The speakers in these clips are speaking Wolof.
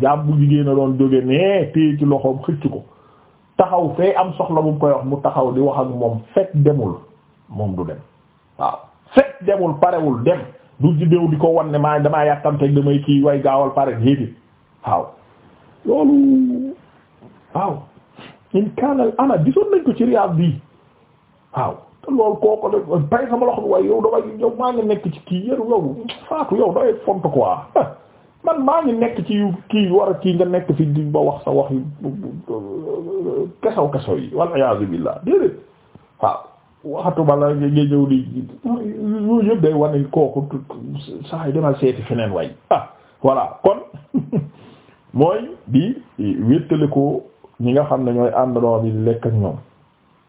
jaam bu jigéen a doon jóge nee téye ci loxoom xëcc ko taxaw fee am soxla bu koy wax mu taxaw di wax ak moom fekk demul moom du dem waaw fekk demul parewul dem du jidéew di ko wan ne maa damaa yàkkamte damay kii way gaawal pare déedéet waaw loolu waaw in kaanal ana gisoon nañ ko ci Riyad de bay sama loxo bi waaye yow damay yow maa ngi nekk ci kii yaru yow faatu yow daway font quoi man maa ngi nekk ci yu kii war a kii nga nekk fi di ba wax sa wax yu kesaw kesaw yi wal iyaazu billaah déedéet waaw waxatuma la nga ñëw di yooyu yëpp day wane kooku sax yi demal seeti feneen way ah kon mooy di wéttali ñi nga xam ne ñooy àndandoo bi lekk ak ñoom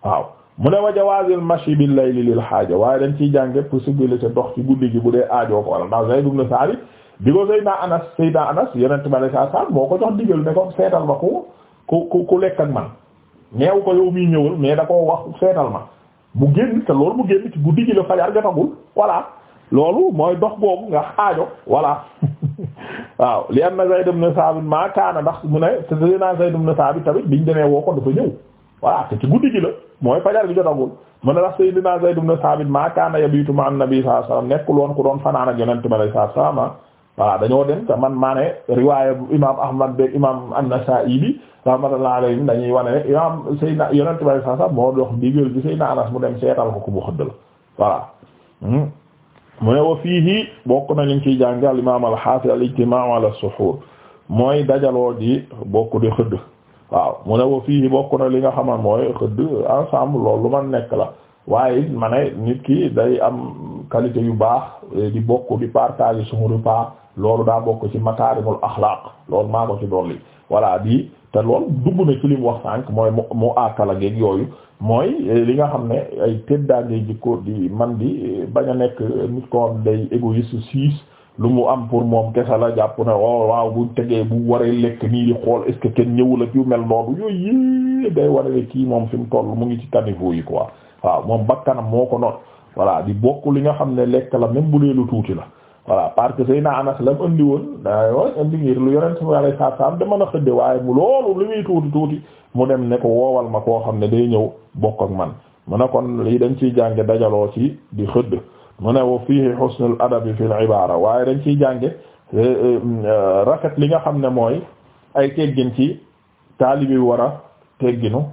waaw mu ne wa jawaazil mashi bil layli lil haaja waaye dañ ciy jànge possibilité dox ci guddi gi bu dee aajoo ko wala ndax Zayd ibn Thabit di ko Seydina Anas Seydina Anas yonent ba la saa saa moo ko jox digal ne ko seetal ma ku ku ku lekk ak man neew ko yow miy ñëwal mais da koo wax seetal ma mu génn te loolu mu génn ci guddi gi la fajar jotagul voilà loolu mooy dox boobu nga aajo voilà waaw li am na Zayd ibn Sabit maa kaana ndax mu ne te Seydina Zayd ibn Sabit tamit biñ demee woo ko dafa ñëw voilà te ci guddi gi la mooy fajar gi jotagul mu a ndax Seydina Zayd ibn Sabit maa kaana yabitu ma an nabi sallallahu alayhi wasallam nekkul voilà dañoo dem te man maa ne riwaaya imaam Ahmad de imaam An-Nasaa'i bi rahmatullahi alayhi dañuy wane ne imaam Seydina Yonent bi saa sax moo dox digal bi Seydina Anas mu dem seetal ko ko mu xëdd la voilà. Hmm? mu ne wa fiihi bokk na liñ ciy jàngal imaam al-Haafiz ala as mooy dajaloo di bokk di xëdd waaw mu ne wa fiihi bokk na li nga xaman mooy xëdd ensemble loolu man nekk la. waaye it ma ne nit ki day am qualité yu baax di bokk di partager suñu repas loolu daa bokk ci makaarimul axlaaq loolu maa ko ci dolli voilà di te lool dugg na ci li wax sànq mooy mu mu aakala geeg yooyu mooy eh, li nga xam ne ay tëddaangee jikko di man di eh, bañ a nekk nit ko day égoïste siis lu mu am pour moom kese la jàpp ne oh waaw bu tegee bu waree lekk nii di xool est ce que kenn ñëwul ak yu mel noonu yooyu day waree kii moom fi mu toll mu ngi ci caniveau yi quoi. waaw moom bakkanam moo ko noot voilà di bokk li nga xam ne lekk la même bu dee lu tuuti la voilà parce que Seydina Anas la mu andi woon daa yoo andi ngir lu yonent sama yàlla saa saa dama na xëdde waaye mu loolu li muy tuuti tuuti mu dem ne ko woowal ma koo xam ne day ñëw bokk ak man mu ne kon lii dañ ciy jànge dajaloo ci di xëdd mu ne wa fiihi husnul adabi fil ibaara waaye dañ ciy jànge eh, eh, li nga xam ne mooy ay teggin ci taalibi war a tegginu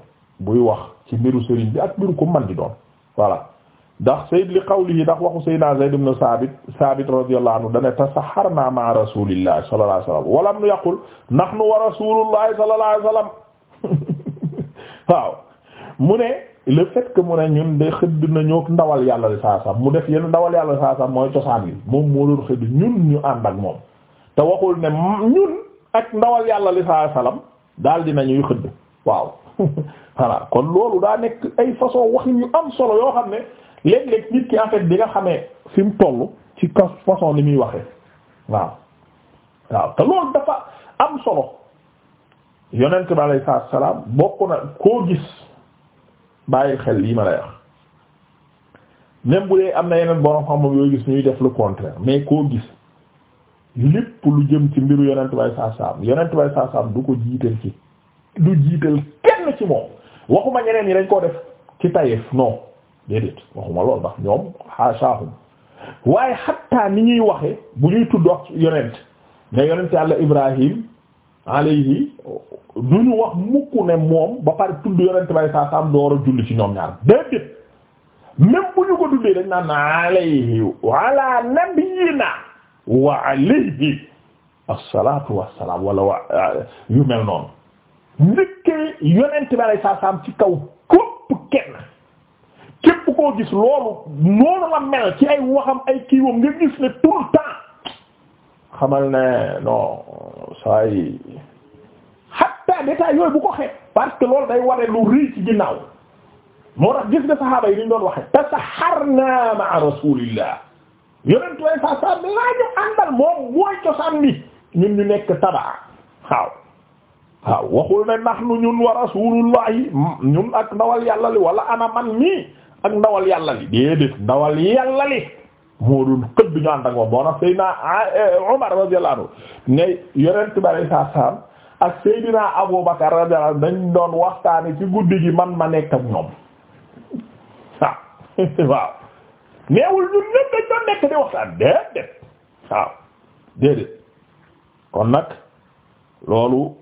buy wax ci mbiru sëriñ bi ak mbiru ko man di doon voilà ndax sayd li qawlihi ndax waxu sayyidina zayd ibn saabit saabit radiyallahu anhu dane tasaharna ma rasulillahi sallallahu walam yaqul nahnu wa rasulullahi sallallahu alayhi wasallam waaw mu ne le fait que mu ne ñun de xëdd nañoo ndawal yàlla li saa sam mu def yenn ndawal yàlla saa sam mooy cosaan li moom moo doon xëdd ñun ñu ànd ak moom te waxul ne ñun ak ndawal yàlla li saa salam daal dinañuy xëdd voilà kon loolu daa nekk ay façon waxin yu am solo yoo xam ne léeg-léeg nit ki en bi nga xamee fi mu toll ci ka façon li muy waxee waaw waaw te loolu dafa am solo yonent bi alayhi salaatu salaam bokk na koo gis bàyyi xel lii ma lay wax même bu dee am na yeneen borom xam-xam yooyu gis ñuy def le contraire mais koo gis lépp lu jëm ci mbiru yonent bi alayhi salaatu salaam yonent bi alayhi salaatu du ko jiital ci du jiital kenn ci moom waxuma ñeneen yi dañ koo def ci tayef noo déedéet waxuma lool ndax ñoom xaasaahum waaye xatta ni ñuy waxe bu ñuy tudd wax yonent ne yonent yàlla ibrahim alayhi du ñu wax mukk ne moom ba pare tudd yonent bay saa saam door a julli ci ñoom ñaar déedéet même bu ñu ko tuddee dañ naan alayhi wala nabiyina wa alayhi assalatu wassalaam wala wa yu mel noonu njëkkee yonent bi alay saa saam ci kaw képp kenn képp koo gis loolu noonu la mel ci ay waxam ay kiiwam nga gis ne tout le temps xamal ne non saa yi hatta détail yooyu bu ko xeeb parce que loolu day waree lu rii ci ginnaaw moo tax gis nga saxaaba yi ni ñu doon waxee tasaharna ma'a rasulillah yonent bi alay saa saam laa ñu àndal moom mooy cosaan bi ñun ñu nekk tabaa waaw waaw ah, waxul ne nax nu ñun wa rasulullahi ñun ak ndawal yàlla li ana man mii ak ndawal yàlla li déedéet ndawal yàlla moo doon xëdd ñu ànd ak moo tax Seydina Umar eh, radiyallahu anhu ne yonent bari saa saam ak Seydina dañ doon waxtaani ci guddi gi man ma nekk ak ñoom ah, waaw neewul ñun ñëpp dañ doon nekk di waxtaan déedéet waaw déedéet kon nag loolu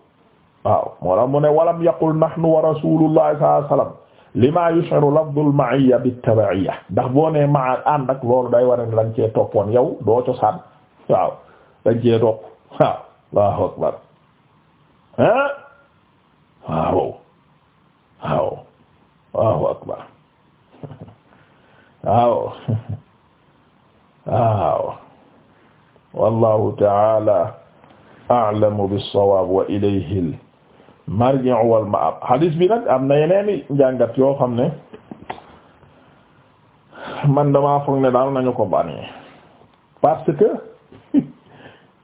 waaw moo tax mu ne walam yaqul nahnu wa rasulullahi sallallahu alayhi wa sallam lima yushiru lafdul ma'iyya bit-tab'iyya ndax boo nee maa ànd ak loolu day war a ne dañ cee toppoon yow doo cosaan waaw dañ cee topp waaw Allahu akbar ah waaw waaw Allahu akbar waaw waaw wallahu ta'ala a'lamu bis-sawab wa ilayhi marji'u wal ma'ab hadis bi nag am na yeneeni njàngat yoo xam ne man damaa foog ne daal nañu ko bani parce que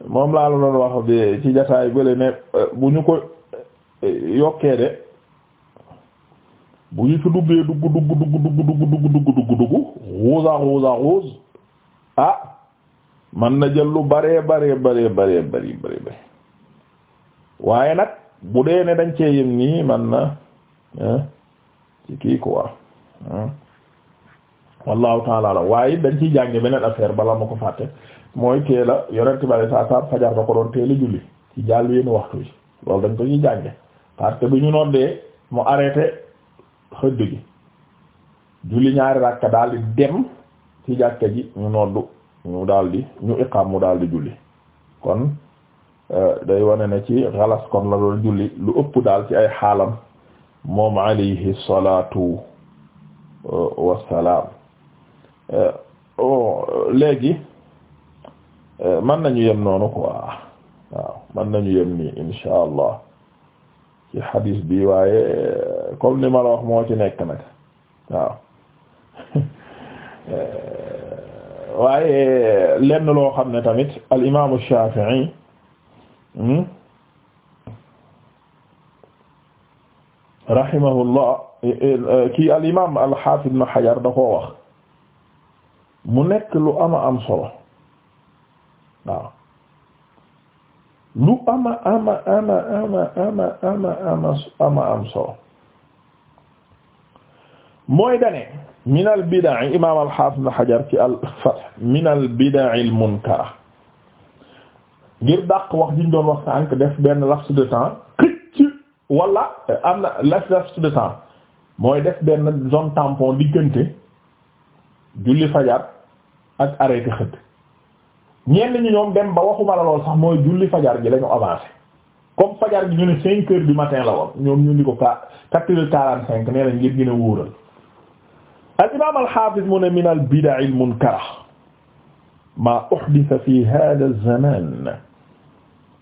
moom laa la doon wax bi ci jataay bële ne bu ñu ko yokkee de bu ñu ci duggee dugg dugg dugg dugg dugg dugg dugg dugg dugg ruusa ruusa ruus ah man na jël lu bare bare bare bare bare bare bare waaye nag bu dee ne dañ cee yem nii man na eh, ci kii quoi eh. wallahu taala la waaye dañ ciy jànge beneen affaire bala ma ko fàtte mooy teel a yonent bale saa saa fajar da ko doon teel julli ci jàll yenn waxtu yi loolu dañ ko ciy jànge parce que bi ñu noddee mu arrêté xëdd gi julli ñaari rakka daal dem ci jàkka ji ñu noddu ñu daal ñu iqaam mu daal julli kon Euh, day wane ne ci xalas kon la doon julli lu ëpp daal ci ay xaalam moom alayhi salaatu euh, wassalaam euh, oh, léegi man nañu yem noonu quoi waaw mën nañu yem nii insha allah ci xadiis bi waaye kom ni ma la wax moo ci nekk nag waaw waaye lenn loo xam ne tamit al imaamu Shaafi'i Hmm? rahimahullah eh, eh, eh, kii al imaam al xaafid ibn Hajar da koo wax mu nekk lu ama am solo waaw lu ama ama ama ama ama ama ama ama am solo mooy dane min al bid'a imaam al xaafid ibn Hajar ci al fath min al bid'a al munkara ngir dàq wax ji doon wax sànq def benn laps de temps xëcc wala euh, am na laps de temps mooy def benn zone tampon diggante julli fajar ak arrêté xëdd ñenn ñi ñoom dem ba waxuma la lool sax mooy julli fajar gi lañu avancé comme fajar gi ñu ne cinq heures du matin la woon ñoom ñu ni ko qua quatre heures quarante-cinq nee ngir gën a wóoral al imam al hafiz mu ne min al bid'a al munkara ma uhditha fi hadha al zaman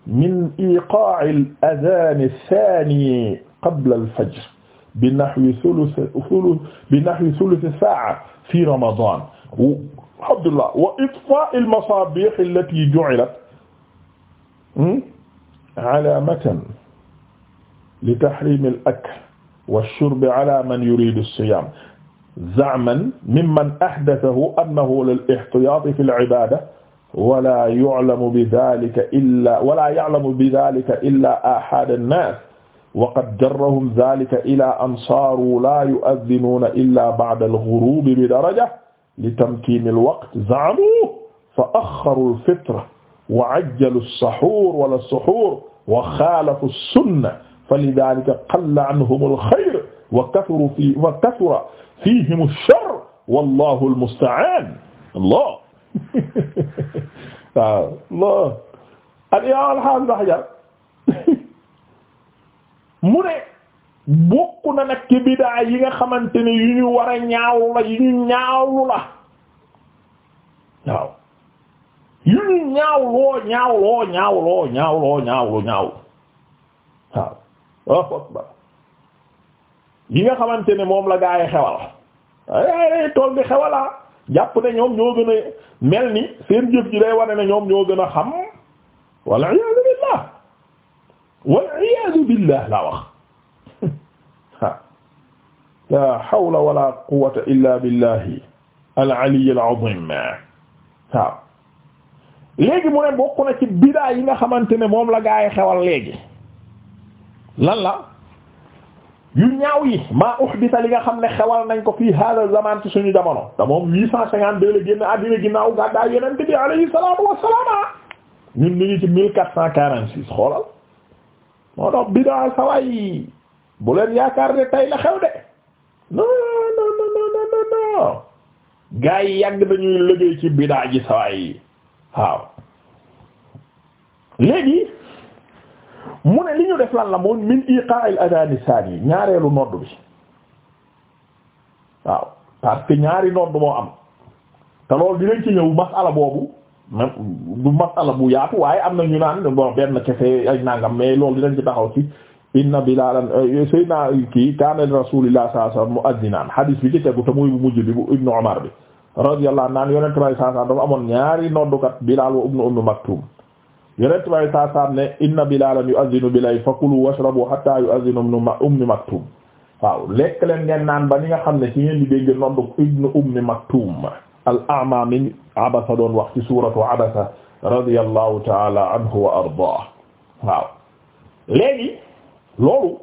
min iqaa'i al-adhaan ath-thaani qabla al-fajr bi nahwi thuluth thuluth bi nahwi thuluth saa'a fi Ramadan Abdullah wa itfaa'i al-masaabih allatii ju'ilat hmm, alaamatan li tahriim al-akl wash-shurb 'alaa man yuriidu as-siyaam za'man mimman ahdathahu annahu lil-ihtiyaat fi al-'ibaada wala yu'lamu bi dhalika illa wala ya'lamu bi dhalika illa ahad an-nas wa qad jarrahum dhalika ila an saaru la yu'adhdhinuna illa ba'da al-ghurub bi daraja li tamkin al-waqt za'amu fa akhkharu al-fitra wa 'ajjalu as-sahur wala as-suhur wa khalafu as-sunnah falidhalika qalla 'anhum al-khayr wa kathura fi wa kathura fihim ash-sharr wallahu al-musta'an Allah waaw lool ak yaa alhamdulilah mu ne bokk na nag ci bidaa yi nga xamante ne yu ñu war a ñaawlu la yu ñu ñaawlu la waaw yu ñu ñaawloo ñaawloo ñaawloo ñaawloo ñaawlu ñaaw waaw yi nga xamante ne moom la gaa yi xewal ay ay bi xewala jàpp ne ñoom ñoo gën a mel ni seen jëf ji day wane ne ñoom ñoo gën a xam wal iyaadu billah wal iyaadu billah laa wax la hawla wala quwwata illa billahi al ali al azim waaw léegi mu ne bokk ci bidaa yi nga xamante ne moom la gaa yi xewal léegi lan la yu ñaaw yi maa uhdisa li nga xam ne xewal nañ ko fii hada zaman ci suñu jamono te moom 852 la génn àddina ginnaaw gàddaay yonent bi alayhi salaatu wassalaam ñun ñu ngi ci 1446 xoolal moo tax bidaa sawaay bu leen yaakaar ne tay la xew de non non non non non gaa yi yàgg dañuy liggéey ci bidaa ji sawaay waaw léegi. mu ne li ñu lan la moom min iqa'il adani sani ñaareelu nodd bi waaw parce ñaari nodd moo am te loolu dinañ ci ñëw masala boobu même du masala bu yaatu waaye am na ñu naan bon benn kese ay nangam mais loolu dinañ ci taxaw ci inna bilalan euh, euh, saydna kii kana rasulillah sallallahu alayhi wasallam mu'addinan hadith bi ci tegu te muy bu mujj bi bu ibnu umar bi radiyallahu anhu yonent bay sallallahu alayhi wasallam dafa amoon ñaari noddukat bilaal wa ibnu umm maktum yonent bay saa saam ne inna bilalan yu'adhinu bilay fakulu washrabu hatta yu'adhina ummi maktum lekk leen ngeen naan ba ni nga xam ne ci ngeen di dégg noddu ibnu ummi maktum abasa doon wax ci suuratu abasa radiyallahu ta'ala anhu wa ardaah waaw léegi loolu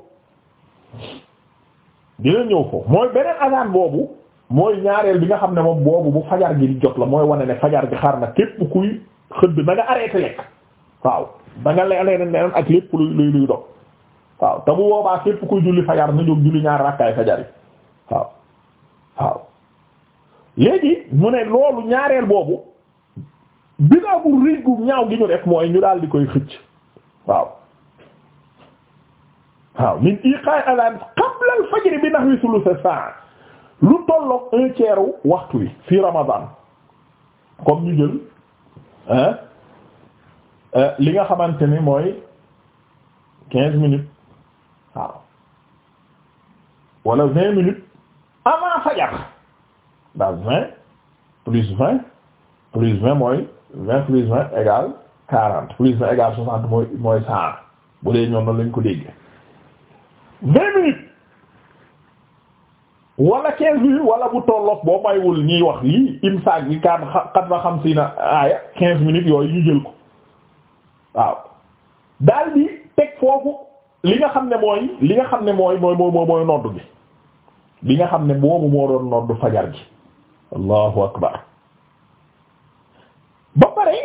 dina ñëw foofu mooy beneen azan boobu mooy ñaareel bi nga xam ne moom boobu bu fajar gi di jot la mooy wane ne fajar gi xaar na kuy xëdd na nga lekk waaw da nga leen neen ak lépp luy luy dox waaw te boobaa képp kuy julli fajar na julli ñaar rakkaay fajar yi waaw waaw léegi mu ne loolu ñaareel boobu bidaa bu riigu gi ñu def mooy ñu daal di koy xëcc waaw waaw min iqa'i adan qabla al fajr bi nahwi thuluth sa'a lu tollook un tiers waxtu wi fi ramadan comme ñu jël Euh, li nga xamante ni mooy quinze minutes waaw wala vingt minutes avant fajar ndax vingt plus vingt plus vingt mooy vingt plus vingt égale quarante plus vingt égale soixante mooy mooy cent bu dee ñoom noonu lañ ko dégg vingt minutes wala quinze minutes wala bu tolloog boo maywul ñiy wax lii imsaak bi kat xat na xam si na aaya quinze minutes yooyu ñu jël ko waaw daal di teg foofu li nga xam ne mooy li nga xam ne mooy mooy mooy mooy nodd bi bi nga xam ne boobu moo doon nodd fajar gi allahu akbar ba pare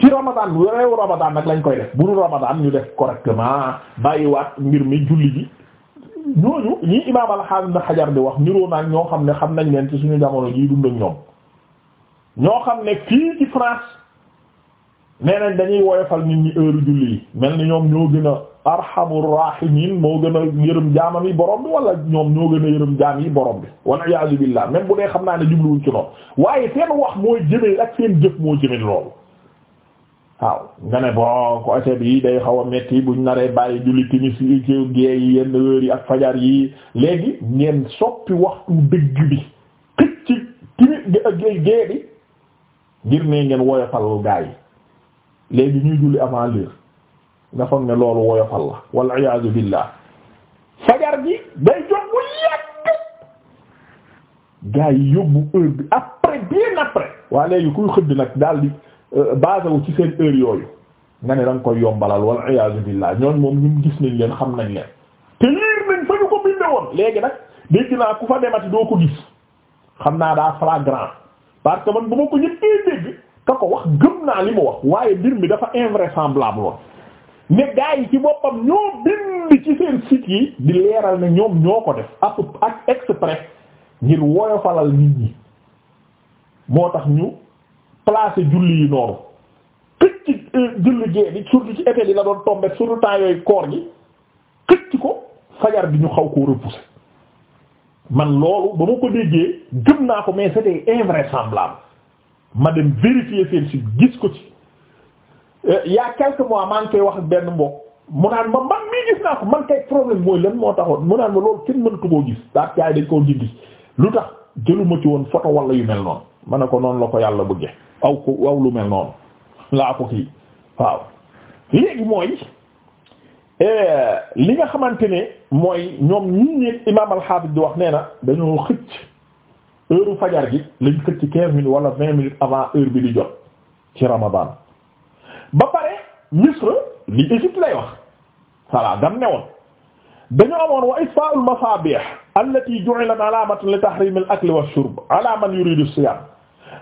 ci ramadan weeru ramadan nag lañ koy def bu dul ramadan ñu def correctement wax mbir mi julli ji ñooñu ñii imaam alxaam na xajar bi wax niroo ñoo xam ne xam nañ leen ci suñu jamono jii dund ak ñoom ñoo xam ne fii ci France nee nañ dañuy woyofal nit ñi heure julli yi mel ni ñoom ñoo gën a arhamur rahimin moo gën a yërëm jaamam yi borom bi wala ñoom ñoo gën a yërëm jaam yi borom bi wal iyaazu billah même bu dee xam naa ne jubluwuñ ci noonu waaye seen wax mooy jëmee ak seen jëf moo jëmee loolu waaw nga ne bon ko acet yi day xaw a metti buñ naree bàyyi julli timis yi ci gée yi yenn heure yi ak fajar yi léegi ngeen soppi waxtu dëgg bi xëcc ci timis gée bi ngir ne ngeen yi léegi ñuy julli avant l'heure nga foog ne loolu woyofal la wal iyaazu billah fajar gi day jot bu yàgg gaa yi yóbbu heure bi après bien après waa léegi kuy xëdd nag daal di euh, basé wu ci seen heure yooyu nga ne da nga koy yombalal wal iyaazu billah ñoon moom ñun gis nañ leen xam nañ leen te liir nañ fa ñu ko binde woon léegi nag dégg naa ku fa demati doo ko gis xam naa daa flagrant parce man bu ma ko ñëppee dégg ka ko wax gëm naa li mu wax waaye mbir mi dafa invraisemblable woon ne yi ci boppam ñoo bind ci seen site yi di leeral ne ñoom ñoo ko def ak ak exprès ngir woyofalal nit ñi moo tax ñu placer julli yi noonu xëcc euh, julli gée bi surtout ci été bi la doon tomber surtout yooyu koor gi xëcc ko fajar bi ñu xaw koo repousser man loolu ba ma ko déggee gëm naa ko mais c'était invraisemblable ma dem vérifier seen gis ko ci euh, il y a quelques mois maa ngi koy wax benn mbokk mu naan ma man mii gis naa ko man kay problème mooy lan moo taxoon mu naan ma loolu kenn mënatu koo gis daa caay dañ koo gis lu tax jëluma ci woon photo wala yu mel noonu ma ne ko noonu la ko yàlla bëgge aw ko aw lu mel noonu laa ko kii waaw léegi mooy euh, li nga xamante ne mooy ñoom ñi ñeen imaam al di wax nee na dañoo xëcc heure fajar gi lañ xëcc quinze minutes wala vingt minutes avant heure bi di jot ci ramadan ba pare misre li Égypte lay wax voilà dam ne woon dañu amoon wa isfa'ul masabih allati ju'ilat alamatan li tahrim al akl wa shurb ala man yuridu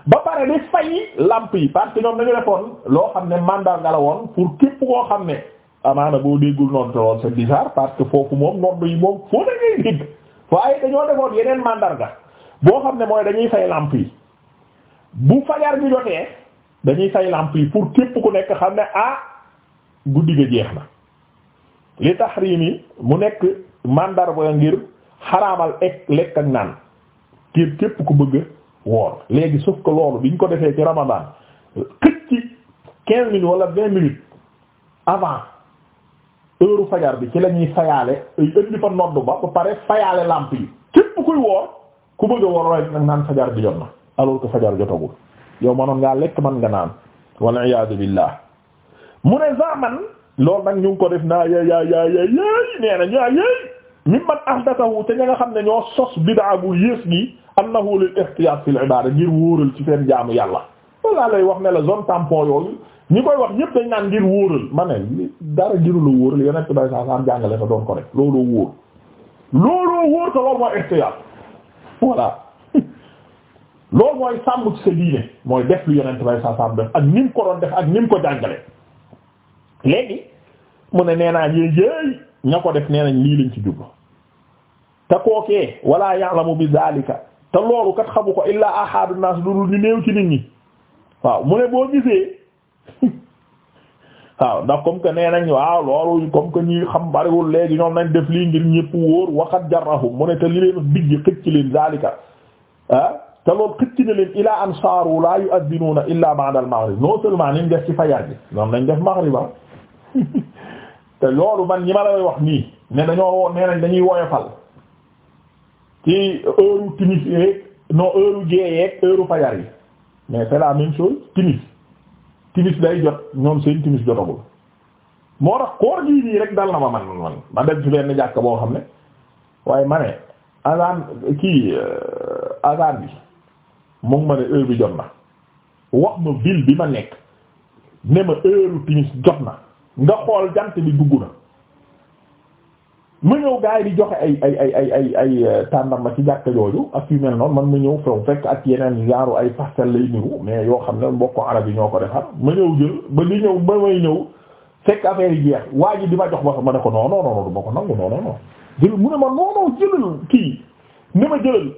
ba pare di fay lamp yi parce que ñoom dañu defoon loo xam ne mandat nga la woon pour képp koo xam ne amaana boo déggul nodd woon c'est bizarre parce que foofu moom nodd yi moom foo na ngay dégg waaye boo xam ne mooy dañuy fay lamp yi bu fajar bi jotee dañuy fay làmp yi pour képp ku nekk xam ne ah guddi gi jeex na li tahrim yi mu nekk mandarga ngir xaraamal ek lekk ak naan ngir képp ku bëgg woor léegi sauf ko loolu biñ ko defee ci ramadan xëcc ci quinze minutes wala vingt minutes avant heure fajar bi ci la ñuy fayaale indi fa nodd ba ba pare fayaale lamp yi képp kuy woor ku bëgg a war nag naan fajar bi jot na alors que fajar jotagul yow manoon ngaa lekk man nga naan wal iyaadu billah mu ne zaman loolu nag ñu ngi ko def naa yay yaay yaay yaay yéy nee na ñaa yéy min man ahdathahu te ña nga xam ne ñoo sos bidaa bu yées gi na lil ihtiyat fil ibada ngir wóoral ci seen jaamu yàlla walla lay wax ne la zone tampon yooyu ñi koy wax ñëpp dañ naan ngir wóoral ma ne dara giru la wóoral yonent bay saa saan jàngale ta ko rek looloo wóor te loolu voilà loolu mooy sàmm ci sa diine mooy def lu yonent bay sa sàmm def ak ni ko doon def ak ni ko jàngale léegi mu ne nee naa yéen yéey ko def nee nañ lii lañ ci jublu te kookee yàlla ya'lamu bi zalika te loolu kat xamu ko illaa ahadu nas dudul ñu néew ci nit ñi waaw mu ne boo gisee waaw ndax comme que nee nañu waaw loolu comme que ñi xam bariwul léegi ñoom nañ def lii ngir ñëpp wóor waxat jarrahum mu ne te li leen bijj xëcc leen zalika ah te loolu xëcc na leen ilaa an saaru la yu'addinuuna illa ba'da al-maghrib non seulement niñ def ci fajar def maghrib ba ah. te loolu man ñi ma lay wax nii ne dañoo nee nañ dañuy woyofal ci heure timis yeeg non heure u gée yeeg heure yi mais c'est la timis timis day jot ñoom seen timis jotagul moo tax koor gii nii rek dal na ma man man ma dem leen benn jàkk boo xam ne waaye ma ne azan kii euh, azan bi mu ma ne heure bi jot na wax ma ville bi ma nekk ne ma heure timis jot na nga xool jant bi dugg na ma ñëw gars di joxe ay ay ay ay ay ay euh, tàndarma ci jàkka jooju ak yu mel noonu man ma ñëw few fekk ak yeneen genre ay pastel lay niru mais yoo xam ne mbokku arab yi ñoo ko defar ma ñëw jël ba li ñëw ba may ñëw fekk affaire yi jeex waa ji di ma jox ba ma ne ko non non non ko nangu non non non jël mu ne ma non non jëlal kii ni ma jëlal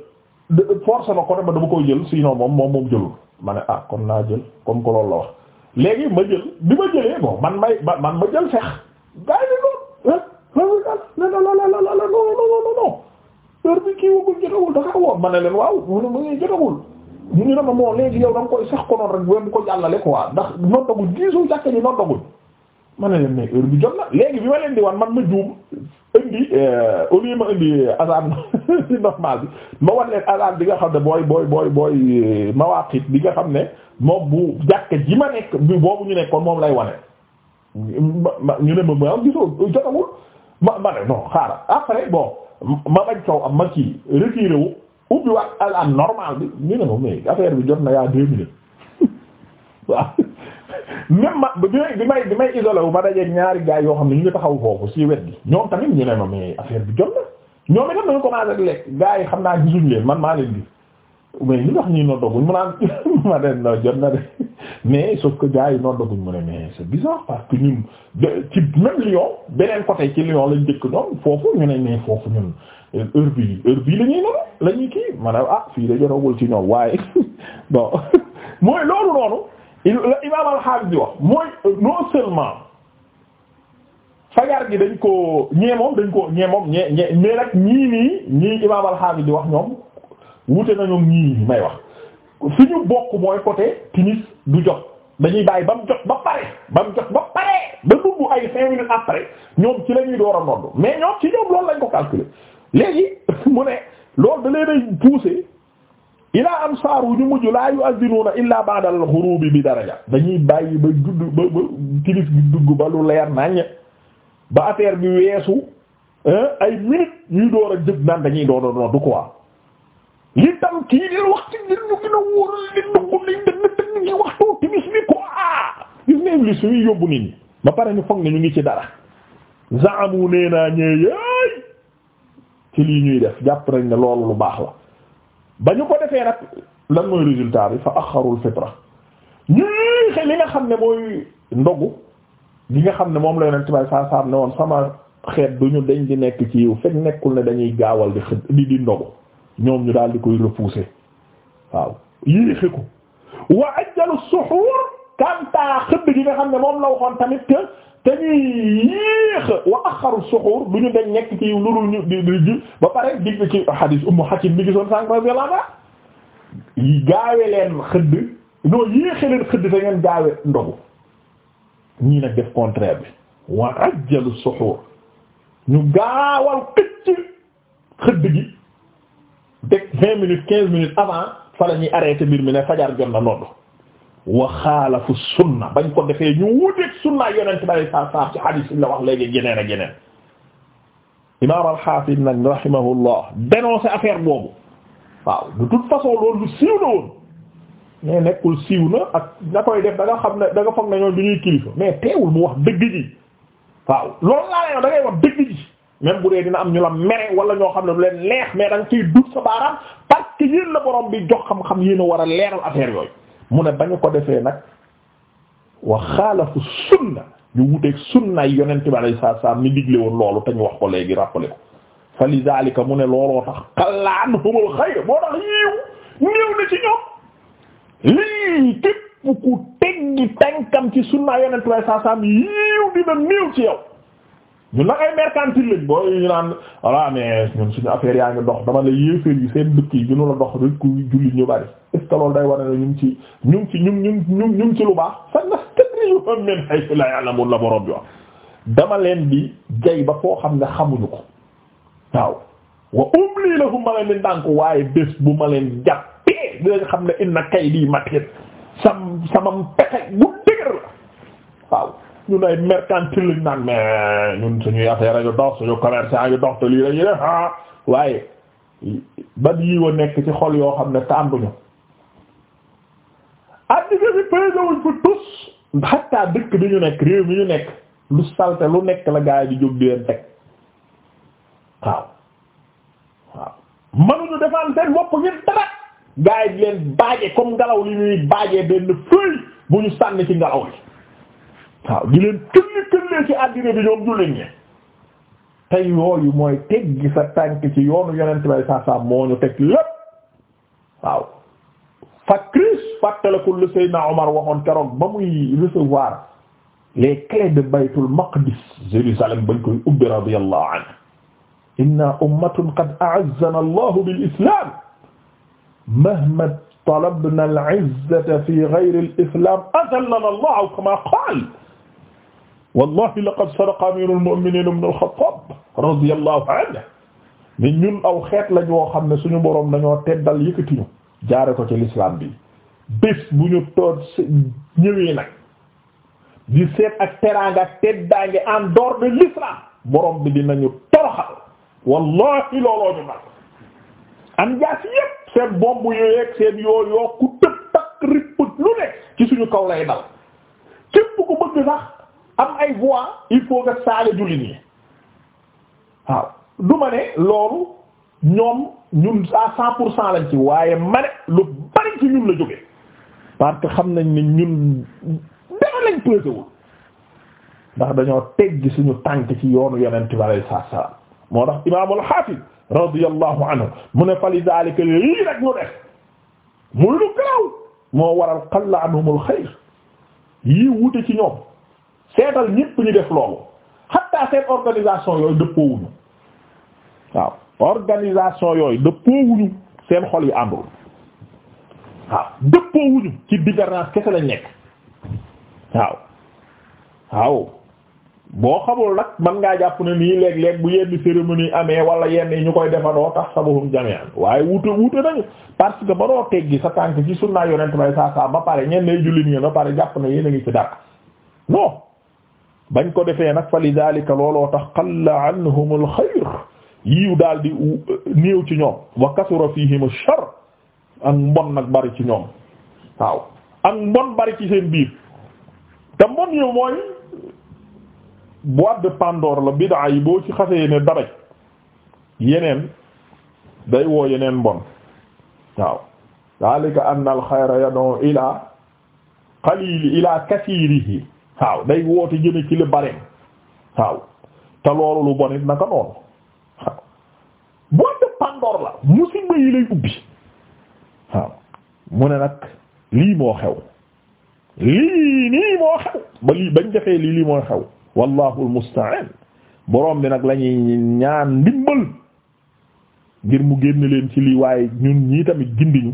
force ma ko ne ma dama koy jël sinon moom moom moom jëlul ma ne ah kon naa jël comme que lool la wax léegi ma jël bi ma jëlee bon man may man ma jël fex gars yi loolu non non non non non non heure bi kii wu ko jotagul dafa awoor ma ne leen waaw mu ne mu ngi jotagul ñu ne ma moo léegi yow da nga koy sax ko noonu rek bu bu ko jàllale quoi ndax noddagul diisu jàkka ji noddagul ma ne leen ne heure bi jot na léegi bi ma leen di wan man ma juum indi au lieu ma indi azan normal bi ma wan leen azan bi nga xam ne booy booy booy booy mawaqit bi nga xam ne moom bu jàkka ji ma nekk bi boobu ñu nekkoon moom lay wane. ñu ne ma ma gisoo jotagul. ma ma ne non xaaral après bon ma bañ coow am ma kii retiré wu ubbi wax à normal bi ñu ne ma mais affaire bi jot na yaa deux minutes waaw même ma bi may bi may isolé wu ma dajeeg ñaari gars yoo xam ne ñu ngi taxaw foofu ci wet gi ñoom tamit ñu ne ma mais affaire bi jot na ñoom itam dañu commencé ak lekk gars xam naa gisuñu leen man maa leen di mais li tax ñuy noddaguñ mu naan ma den na jot na de mais sauf que gars yi noddaguñ mu ne mais c'est bizarre parce que ñun ci même Lyon beneen côté ci Lyon lañ dëkk ñoom foofu ñu ne ne foofu bi heure bi la ñuy kii ma ah fii da jotagul ci ñoom waaye bon mooy loolu noonu la imam al-Hafiz wax mooy non seulement fajar gi dañ ko ñee dañ ko ñee moom ñee ñee mais nag ñii nii ñii imam al di wax ñoom wute na ñoom ñii may wax fi ñu bokk mooy côté timis du jox dañuy bàyyi ba mu jot ba pare ba mu jot ba pare ba dugg ay cinq minutes après ñoom ci la ñuy door a nodd mais ñoom ci ñoom loolu lañ ko calculer léegi mu ne loolu da leen ay pousser ilaa am saaru ñu mujj laa yu azinuuna illaa baadal ghurubi bi daraja dañuy bàyyi ba judd ba ba timis bi dugg ba lu leer naññ ba affaire bi weesu ay minutes ñuy door a jëg naan dañuy door a nodd quoi li dal kii di waxtu ngir ñu gën a wóoral li dugg liñ dëgg dëgg ngi waxtu timis bi quoi gis nga iblis suñuy yóbbu nit ñi ba pare ñu foog ne ñu ngi ci dara zaamu nee naa ñëwee ci lii ñuy def jàpp nañ ne loolu lu baax la ba ñu ko defee nag lan mooy résultat bi fa axarul fitra ñu yéexe li nga xam ne mooy ndogu gi nga xam ne moom la yonent bay saa saam ne woon sama xeet du ñu dañ di nekk ci yiw fekk nekkul ne dañuy gaawal di xëdd di di ndogu ñoom ñu daal di koy repousser waaw yéexe wa ajjalu suxuur kanta xëdd gi nga xam ne moom la waxoon tamit que te ñuy yéex wa axaru suxuur du ñu dañ nekk ci lu dul ñu ba pare digg ci hadis Ummu Hakim bi gisoon sànq radi àllahu anha gaawe leen xëdd non yéexe leen xëdd te ngeen gaawe ndogu ñii nag def contraire bi wa ajjalu suxuur ñu gaawal këcc xëdd gi vingt minutes quinze minutes avant fa la ñuy arrêté mbir mi ne fajar jot na nodd wa xaalafu sunna bañ ko defee ñu wuteeg sunna yonent bari saa saa ci hadith la wax léegi geneen ak geneen imaam al-Hafiz nag rahimahullah dénoncé affaire boobu waaw de toute façon loolu lu siiw na woon mais nekkul siiw na ak na koy def da nga xam ne da foog ne ñoom ñuy kilifa mais teewul mu wax dëgg ji waaw loolu laa lay wax da wax dëgg ji même bu dee dina am ñu la mere wala ñoo xam ne du leen neex mais da nga ciy dut sa baaraam parce que la borom bi jox xam-xam yéen a war a leeral affaire yooyu mu ne ba ñu ko defee nag wa xaalafu sunna ñu wuteeg sunnaay yonent bi alayhi salaam mi digle woon loolu te ñu wax ko léegi rappelé ko fa li zalika mu ne looloo tax xallaan humul xayr moo tax yiiw néew na ci ñoom lii képp ku teggi tànkam ci sunnaay yonent bi yiiw dina néew ci yow ñu nag ay boo ñu naan voilà mais ñun suñu affaire yaa ngi dox dama la yéeféer yi seen dëkk yi gënu la dox rek ku julli ñu bari est loolu day war ne ñu ngi ci ñu ci ñu ngi ñu ngi ñu ci lu baax fan la tëddee min haythu la ya'lamun la borom bi wax dama leen di jay ba foo xam ne xamuñu ko waaw wa umli lahum ma leen di ndànk waaye bés bu ma leen jàppee di nga xam ne inna kaydi matin sam samam pexe bu dëgër la waaw. ñun ay mercantile lañ naan mais ñun suñuy affaire yu dox suñu commerçant yu dox te lii lañuy def ah waaye ban yiwa nekk ci xol yoo xam ne tànduñu addina bi paysa wuñ fa tus hatta dëkk bi nekk réew mi ñu nekk lu salte lu nekk la gaay di jóg di leen teg waaw waaw mënuñu defaan seen bopp ngir dara gaay di leen baaje comme ngelaw li ñuy baajee benn fëy bu ñu sànni ci ngelaw li waaw di leen këlli këllee ci àddina bi ñoom jullit ñi tey yooyu mooy teggi sa tànk ci yoonu yonent bay saa saa moo ñu teg lépp waaw fakris fàttalekul lu Seydina Omar waxoon keroog ba muy recevoir les clés de baytul maqdis Jérusalem bañ koy ubbi radiyallahu anhu inna ummatun qad a'azzana Allahu bil islam mahma talabna al-izzata fi ghayri al-islam azallana Allahu kama qala wallahi laqad sadaqa amirul mu'minin ibn al-Khattab radiyallahu anhu ni ñun aw xeet lañ woo xam ne suñu boroom dañoo teddal yëkkatiñu jaare ko ci l'islam bi bés bu ñu toog ñëwee nag di seet ak teraanga teddaange en dehors de l'islam boroom bi dinañu toroxal wallahi looloo ñu nag am jaas yépp seen bomb yooyu ak seen yoo yoo ku tëb takk ripp lu ne ci suñu kaw lay dal képp ku bëgg sax am ay voix il faut nga saaga jullit ñi waaw du ma ne loolu ñoom ñun à cent pour cent lañ ci waaye ma ne lu bari ci ñun la jóge parce xam nañ ni ñun dara lañ pesé ndax dañoo teggi suñu tànk ci yoonu yonent bi alayhi salaam moo tax imaamul hafiz radiyallahu anhu mu ne falidaalika lii rek ñu def muy lu garaw moo waral qalla anhumul xayr yii wute ci ñoom seetal ñépp ñu def loolu xatta seen organisation yooyu dëppoowuñu waaw organisation yooyu dëppoowuñu seen xol yi àndul waaw dëppoowuñu ci divergence kese lañ nekk waaw waaw boo xamul nag man ngaa jàpp ne nii léeg-léeg bu yenn cérémonie amee wala yenn yi ñu koy defandoo tax sabahum jami'an waaye wute wute nañu parce que manoo teggi sa tànk ci sunna yonent bay saa saa ba pare ñenn jullit ngeen ba pare jàpp na yéen a ngi ci dara non bañ ko defee nag fa lidalika looloo tax qalla anhum alxayr yiw daal di néew ci ñoom wa kasura fihim ash-sharr ak mbon nag bari ci ñoom waaw ak mbon bari ci seen biir te mbon yow mooy boîte de Pandore la bid'a yi boo ci xasee ne daraj yeneen day woo yeneen mbon waaw dalika anna al xayra ila qalili ila kasirihi waaw day woote jëme ci li bare waaw te loolu lu bon it naka noonu waaw boîte de la musiba yi lay ubbi waaw mu ne nag lii moo xew lii nii moo xew ba lii bañ defee lii lii moo xew wallahu almusta'an borom bi nag la ñuy ñaan ndimbal ngir mu génn leen ci lii waaye ñun ñii tamit gindiñu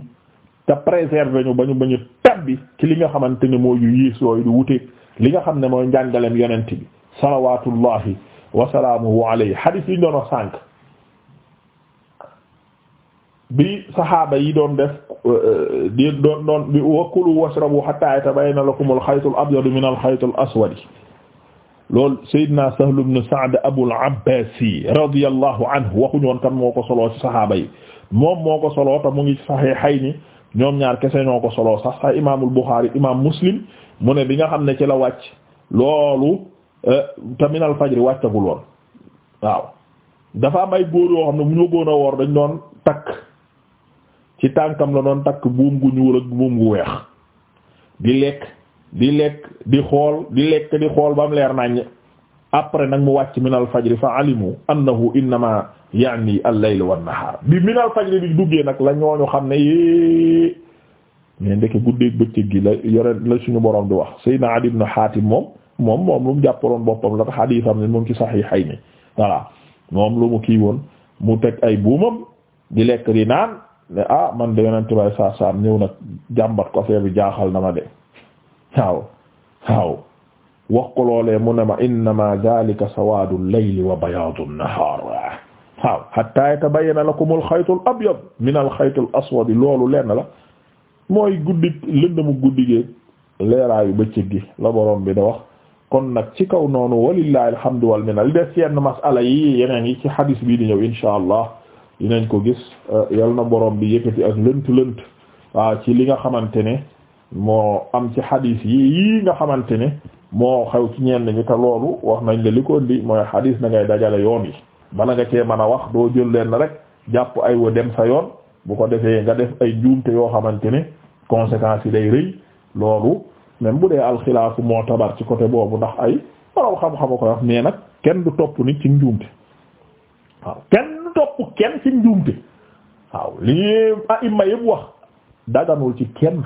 te préserver ñu ba ñu bañu tabbi ci li nga xamante ne mooy yu yées yooyu du wuteeg li nga xam ne mooy njàngaleem yonent bi salawatullahi wasalaamuhu alayhi hadith yi ñu doon wax sànq bi saxaaba yi doon def di doon doon bi wakulu washrabu hatta yatabayyana lakum alxaytu alabyadu min alxaytu alaswadi loolu Seydina Sahl ibn Sa'd Abul Abbaas radiyallahu anhu waxuñoon kan moo ko soloo ci saxaaba yi moom moo ko soloo te mu ngi Saxiixayni ñoom ñaar kese ñoo ko solo sax sax imaamul Buxaari imaam Muslim mu ne bi nga xam ne ci la wàcc loolu eh, taminal fajri wàccagul woon waaw dafa am ay góor yoo xam ne bu ñu bëggoon a woor dañ doon takk ci tànkam la doon takk buum gu ñuul ak buum gu weex di lekk di lekk di xool di lekk di xool ba leer naññ après nag mu wàcc min al fajri fa alimu annahu innama yaani al layl wan nahaar bi min al fajri bi duggee nag la ñooñu xam ne yée mais ndeke guddeeg bëccëg gi la yore la suñu borom di wax sayyidina Adi ibn Hatim moom moom moom lu mu jàppaloon boppam la tax hadiisam ne moom ci Sahihayni voilà moom lu mu kii woon mu teg ay buumam di lekk di naan ne ah man de yonent bay saa saam ñëw nag jàmbat ko affaire bi jaaxal na ma de waaw waaw wax ko loolee mu ne ma innama dhalika sawaadu al-layli wa bayaadu an-nahaar waaw hatta yatabayyana lakum al-khaytu al-abyad min al-khayti al-aswad loolu la mooy guddi lëndëmu guddi gi leeraayu bëccëg gi la borom bi da wax kon nag ci kaw noonu walillahi alhamdu wal minna li des yenn masala yi yeneen yi ci hadis bii di ñëw insha allah dinañ ko gis yal na borom bi yëkkati ak lënt lënt waaw ci li nga xamante ne moo am ci hadis yi yi nga xamante ne moo xew ci ñenn ñi te loolu wax nañ la li ko indi mooy xadiis na ngay dajale yoon yi bala nga cee man a wax doo jël leen rek jàpp ay wa dem sa yoon bu ko defee nga def ay juumte yoo xamante ne conséquences yi day rëy loolu même bu dee alxilaafu moo tabar ci côté boobu ndax ay borom xam-xama ko wax mais nag kenn du topp nit ci njuumte waaw kenn du topp kenn ci njuumte waaw li a imma yëpp wax daganul ci kenn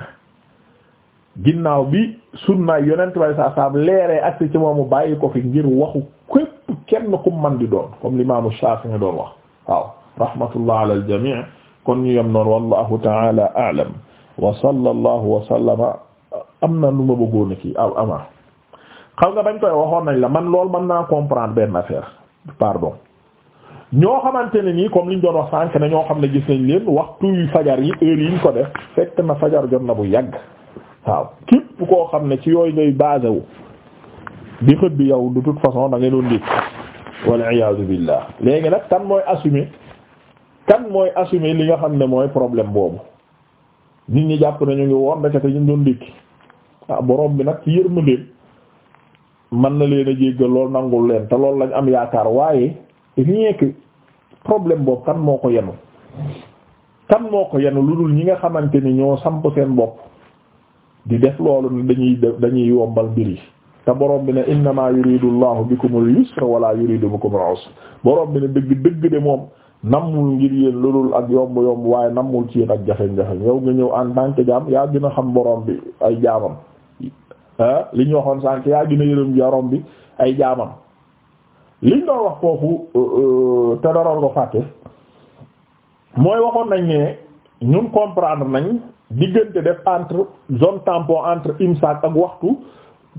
ginnaaw bi sunna yonent way saa saam leeree ak ci moom mu bàyyi ko fi ngir waxu képp kenn ku man di doon comme l'imaamu Shaafi nga doon wax waaw rahmatullah ala al jamii kon ñu yem noonu wallahu taala a'lam wa sallallahu am na lu ma bëggoon a kii xam nga bañ koy waxoon nañ la man lool mën naa comprendre benn affaire pardon ñoo xamante ne nii comme liñ doon wax sànk na ñoo xam ne gis nañ leen waxtu fajar yi heure yiñ ko def fekk na fajar jot na bu yàgg waaw képp koo xam ne ci yooyu ngay basé di xëdd yow de toute façon da ngay doon dégg wal iyaazu billah léegi nag kan mooy assumer kan mooy assumer li nga xam ne mooy problème boobu nit ñi jàpp nañu ngi woon ndekete ñu doon dégg ah borom bi nag ci yërmandeem man na leen a jéggal lool nangul leen te loolu lañ am yaakaar waaye rien que problème boobu kan moo ko yenu kan moo ko yenu lu dul ñi nga xamante ni ñoo samp seen bopp. di def loolu ne dañuy dañuy yombal mbir yi te borom bi ne innama yuridu llahu bikumul yusra wala yuridu bikumul usra borom bi ne dëgg dëgg de moom nammul ngir lu dul ak yomb yomb waaye nammul ci yéen ak jafe-jafe yow nga ñëw en tant que jaam yaa gën xam borom bi ay jaamam ah li ñu waxoon sànq yaa gën a yërëm borom bi ay jaamam liñ doon wax foofu euh, te daroon ko fàtte mooy waxoon nañ ne ñun comprendre nañ diggante def entre zone tempo entre imsaak ak waxtu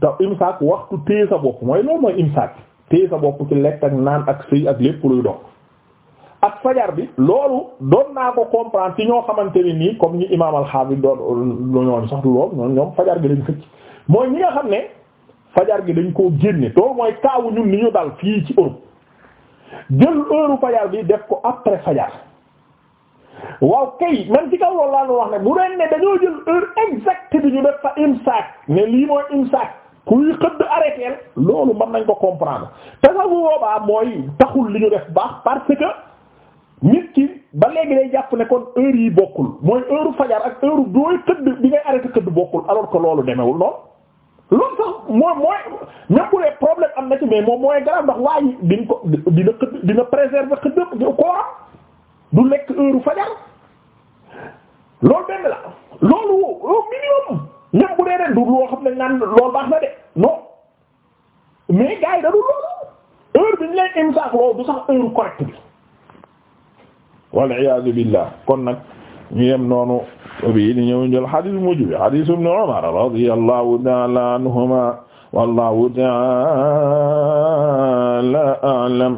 te imsaak waxtu téye sa bopp mooy loolu mooy imsaak téye sa bopp ci lekk ak naan ak sëy ak lépp luy dox ak fajar bi loolu doon naa ko comprendre ci ñoo xamante ni nii comme ñu imaam alxaafis doon ñooñu sax loolu ñoom fajar gi dañ xëcc mooy ñi nga xam ne fajar gi dañ koo génne loolu mooy kaawu ñun ni ñu dal fii ci Europe jël heure fajar bi def ko après fajar waaw kay man ci kaw loolu laa nu wax ne mu deen ne dañoo jël heure exacte bi ñu def fa imsaak ne lii mooy imsaak kuy xëdd arrêté loolu mën nañ ko comprendre te sax bu boobaa mooy taxul li ñu def baax parce que nit ki ba léegi day jàpp ne kon heure yi bokkul mooy heure fajar ak heure dooy xëdd bi ngay arrêté xëdd bokkul alors que loolu demewul noonu loolu sax mooy mooy ñàkkulee problème am na ci mais moom mooy garab ndax waaye dina ko dina xëdd dina préserver xëdd kooram du lekk heure fajar loolu benn la loolu au minimum même bu dee ren du loo xam ne naan loolu baax na de non mais gars yi da du loolu heure bi ñu lay imsaak loolu du sax heure correcte bi. wal iyaazu billah kon nag ñu yem noonu bi ni ñëw jël hadith mujj bi hadith ibn Umar radiyallahu ta'ala anhuma wallahu ta'ala a'lam